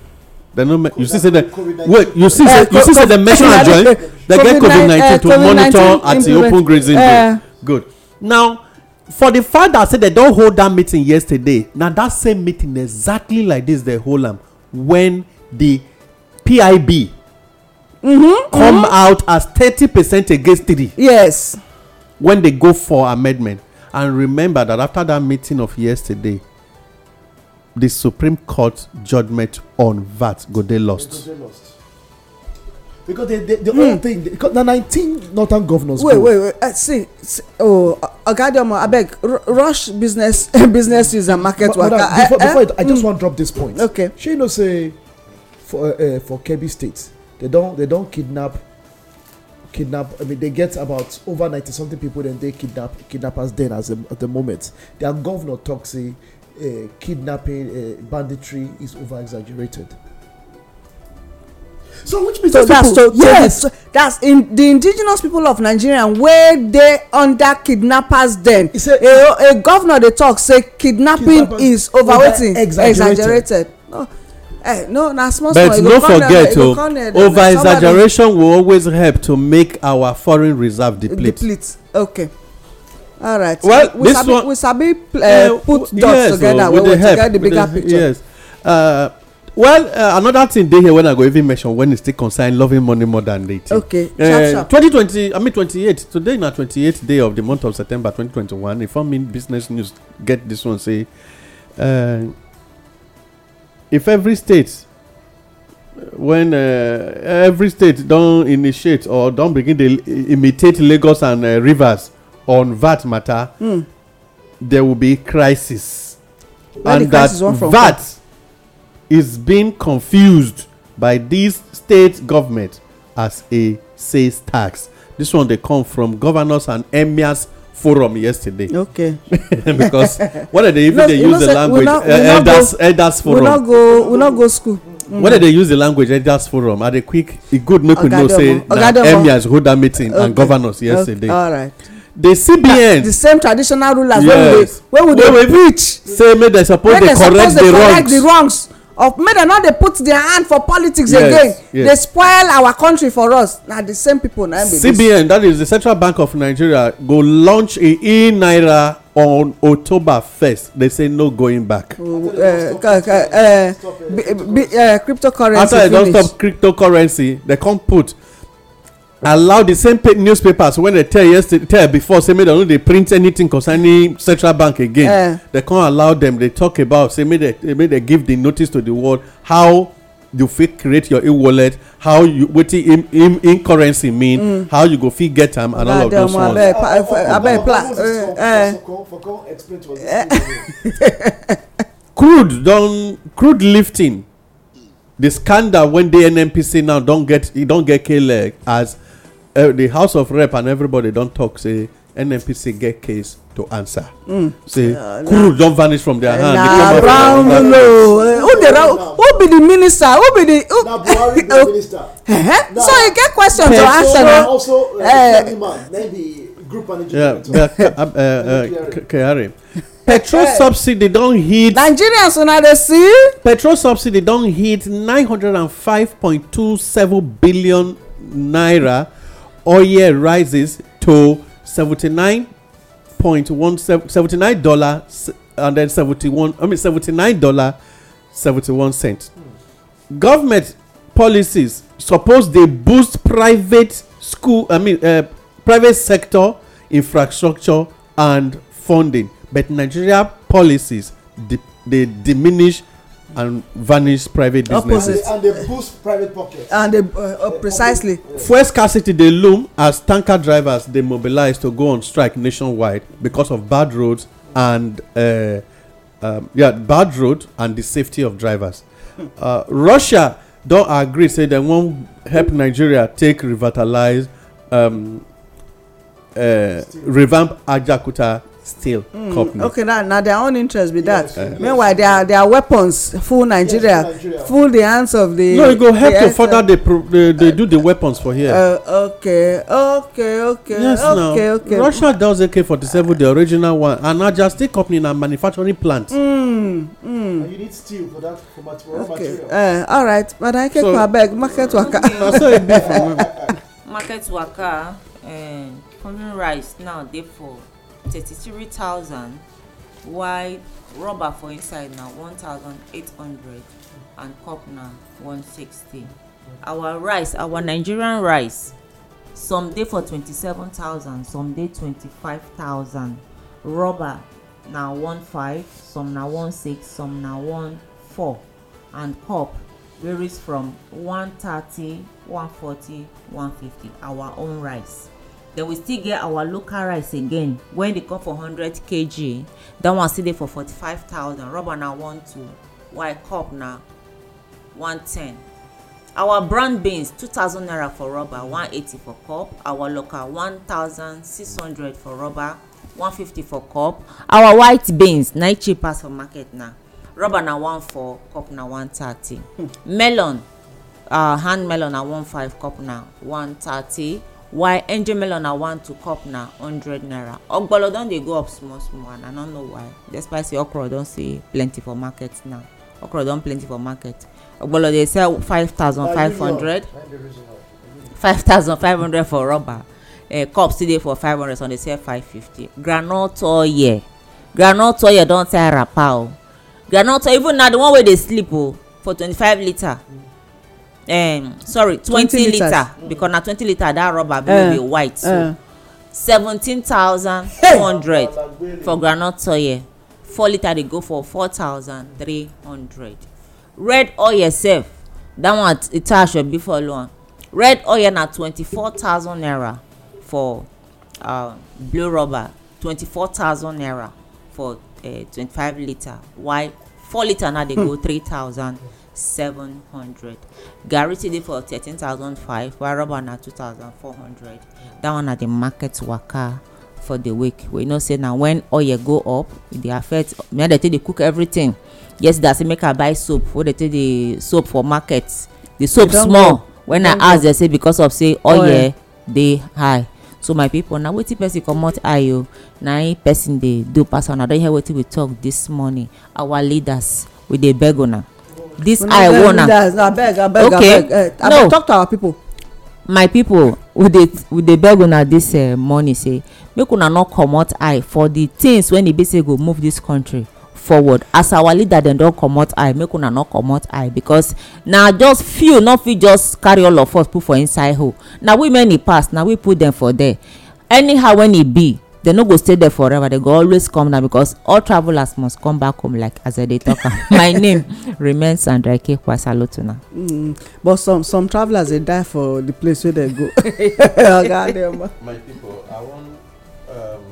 Speaker 4: They no. you see, say that. Wait, you see, uh, you see, say the mission adjoined. Eh, they get COVID nineteen to monitor at the open grazing eh. day. Good. Now, for the fact that say they don hold that meeting yesterday, na that same meeting exactly like this they hold am when the PIB mm-hmm, come mm-hmm. out as thirty percent against three. Yes. When they go for amendment, and remember that after that meeting of yesterday, the supreme court judgment on vat go dey lost
Speaker 5: because they they the mm. whole hmm. thing because na nineteen northern governors. wait
Speaker 2: wait wait uh, see, see oh oga adeomo abeg rush business businesses and market Ma waka. madam eh, before, before uh, eh? it, i
Speaker 5: just mm. wan drop this point. okay shey you know say for uh, uh, for kebbi state they don they don kidnap kidnap i mean they get about over ninety something people dem dey kidnap kidnappers den as a, at the moment their governor talk say uh, kidnapping, uh, banditry is over exaggerated.
Speaker 2: So which means so that's people, so yes, so that's in the indigenous people of Nigeria wey dey under kidnappers dem. A, a a governor dey talk say kidnapping is over wetin exaggerated. No. Eh, no na small small but no forget o oh, over exaggeration
Speaker 4: will always help to make our foreign reserve deplete. deplete
Speaker 2: okay all right well we, we this sabi, one we sabi uh, yeah, uh, put dots yes,
Speaker 4: oh, together when we help, get the bigger the, picture yes uh, well uh, another thing dey here when i go even mention when e still concern loving money more than dating. okay uh, sharp sharp twenty twenty i mean twenty-eight today na twenty-eight day of the month of september twenty twenty-one informing business news get this one say uh, if every state when uh, every state don initiate or don begin dey imitate lagos and uh, rivers on VAT matter, mm. there will be crisis. Where and crisis that VAT is being confused by these state government as a sales tax. This one they come from governors and emirs forum yesterday. Okay. because what are they even they use the language not, eh, elders elders forum. We not
Speaker 2: go we not go school. Mm. did they use
Speaker 4: the language elders forum, are they quick? A good make we know say that emirs hold that meeting okay. and governors yesterday. Okay. All right the cbn the
Speaker 2: same traditional rulers yes. wey we dey wey we
Speaker 4: preach say make dem suppose dey correct the wrongs make dem suppose dey correct the
Speaker 2: wrongs of make dem no dey put their hand for politics yes, again yes. dey spoil our country for us na the same people na im be this. cbn
Speaker 4: that is the central bank of nigeria go launch a e naira on october first they say no going back.
Speaker 2: Uh, uh, uh, b, uh, uh, b, uh, cryptocurrency after they don stop
Speaker 4: cryptocurrency they come put allow the same newspapers wey dem tell yesterday tell before say make dem no dey print anything concerning central bank again dem eh. come allow dem dey talk about say make dem give the notice to the world how you fit create your e-wallet how you wetin im im currency mean mm. how you go fit get am and all of those ones. abeg plan. Eh. crude don crude lifting the scandal wey dey nnpc now don get e don get k leg as uh, the house of rep and everybody don talk say nnpc get case to answer hmm. say kuru don vanish from their hand na brown
Speaker 2: no eh, who be the minister who be the na buhari
Speaker 5: be oh. minister eh, so you get question
Speaker 2: to answer na also uh,
Speaker 5: maybe group manager
Speaker 4: yeah kyari uh, uh, uh, petrol subsidy don hit nigerians una dey see petrol subsidy don hit nine hundred and five point two seven billion naira oil rises to 79 dollar and then 71 I mean 79 dollar 71 cent. Government policies suppose they boost private school I mean uh, private sector infrastructure and funding but Nigeria policies di- they diminish and vanish private businesses. Opposite.
Speaker 5: and they boost private
Speaker 2: pockets. and they uh, uh precisely.
Speaker 4: fuel scarcity dey loom as tanker drivers dey mobilize to go on strike nationwide because of bad roads and uh, um, yeah bad roads and the safety of drivers. Uh, russia don agree say dem wan help nigeria take revitalize um, uh, revamp ajakuta still mm, company okay
Speaker 2: na their own interest be yes, yes. meanwhile their their weapons full nigeria full the hands of the no e go help to further
Speaker 4: dey do the weapons for here uh,
Speaker 2: okay okay okay yes now russia
Speaker 4: does ak forty seven, the original one and naija steel company na manufacturing plant
Speaker 5: Mm, mm. you need steel for that for material okay uh, all
Speaker 2: right but i kekwa abeg market waka na so e be for me.
Speaker 3: market waka eh, um, rice now dey for thirty-three thousand while rubber for inside na one thousand eight hundred and cup na one sixty our rice our nigerian rice some dey for twenty-seven thousand some dey twenty-five thousand rubber na one five some na one six some na one four and cup varies from one thirty one forty one fifty our own rice then we still get our local rice again when dey come for hundred kg that one still dey for forty-five thousand rubber na one two White cup na one ten our brown beans two thousand naira for rubber one eighty for cup our local one thousand six hundred for rubber one fifty for cup our white beans na it e cheap pass for market na rubber na one four cup na one thirty hmm. melon uh, hand melon na one five cup na one thirty Why angel melon I want to cup na hundred naira ogbolo don dey go up small small and i no know why despite say okra don see plenty for market now okra don plenty for market ogbolo dey sell five thousand five hundred five thousand five hundred for rubber uh, cup still dey for five hundred some dey sell five fifty groundnut oil groundnut oil don sell wrapper o groundnut oil even na the one wey dey sleep o for twenty-five litre. Mm -hmm um, sorry twenty litre because na twenty litre that rubber bin uh, be white so uh. seventeen thousand two hundred for groundnut oil four litre dey go for four thousand three hundred red oil sef that one ita be follow am red oil na twenty-four thousand naira for uh, blue rubber twenty-four thousand naira for uh, twenty-five uh, litre while four litre now dey go hmm. three thousand seven hundred garri today for thirteen thousand five while rubber na two thousand four hundred that one na the market waka for the week we know say na when oil go up e dey affect na dey take dey cook everything yesterday i say make i buy soap wey dey take dey soap for market the soap small go. when i ask dem say because of say oil dey high so my people na wetin person comot eye o na im person dey do pass I don hear wetin we talk this morning our leaders we dey beg una this eye warn
Speaker 2: am okay eh, no
Speaker 3: talk to our people. my people we dey we dey beg una this uh, morning say make una no comot eye for the things wey e be say go move this country forward as our leader dem don comot eye make una no comot eye because na just few no fit just carry all of us put for inside hole na we many e pass na we put dem for there anyhow when e be they no go stay there forever they go always come now because all travellers must come back home like as i dey talk am my name remain sandra ike kwasalotuna.
Speaker 1: Mm,
Speaker 2: but some some travellers dey die for the place wey dem go. my
Speaker 4: people i wan um,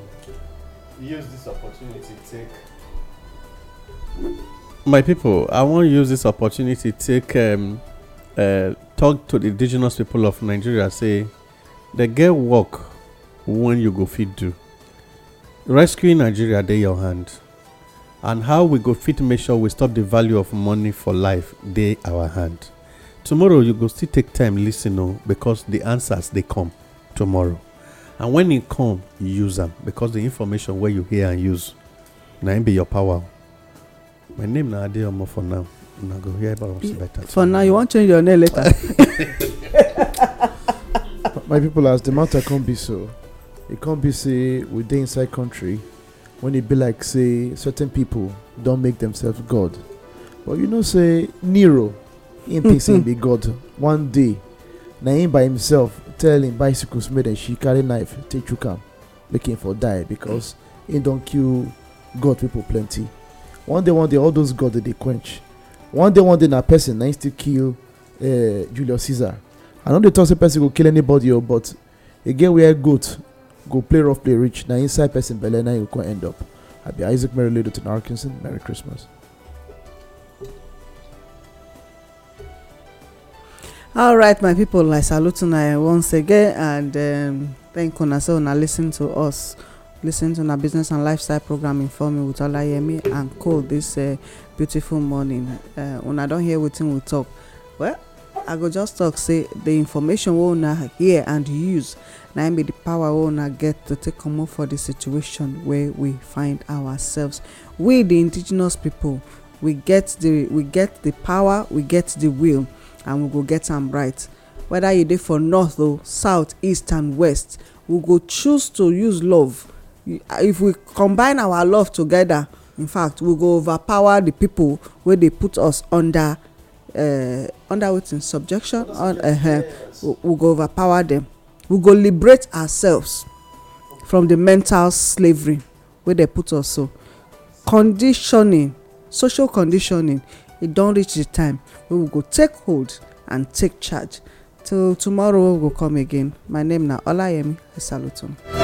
Speaker 4: use this opportunity take. my people i wan use this opportunity take um, uh, talk to the indigenous people of nigeria say dey get work when you go fit do rescuing nigeria dey your hand and how we go fit make sure we stop the value of money for life dey our hand tomorrow you go still take time lis ten o oh, because the answers dey come tomorrow and when e come use am because the information wey you hear and use na im be your power my name na adeyomo for now una go hear about us better
Speaker 5: for now you wan change your name later my people as the matter come be so It can't be say we inside country when it be like say certain people don't make themselves god but you know say nero he thinks he be god one day now him by himself telling bicycles made and she carry knife take you come looking for die because he don't kill god people plenty one day one day all those gods dey dey quench one day one day na person na him still kill eh, julius caesar i no dey talk say person go kill anybody o oh, but e get where goat go play rough play rich. na inside person belle na you come end up i be isaac mary littleton arkinson merry christmas.
Speaker 2: all right my people i salute una once again and um, thank una say una lis to us listen to una business and lifestyle program informing with olayemi and co this uh, beautiful morning uh, una don hear wetin we talk well i go just talk say the information wey una hear and use na im be di power wey una get to take comot for the situation where we find ourselves we the indigenous people, we get the we get the power we get the will and we go get am right whether you dey for north o south east and west we go choose to use love if we combine our love together in fact we go overpower the people wey dey put us under eh, under wetin subjection on uh, eh, eh, we go overpower them we go liberate ourselves from the mental slavery wey dey put us so conditioning social conditioning e don reach the time wey we go take hold and take charge till tomorrow we go come again my name na olayemi i salute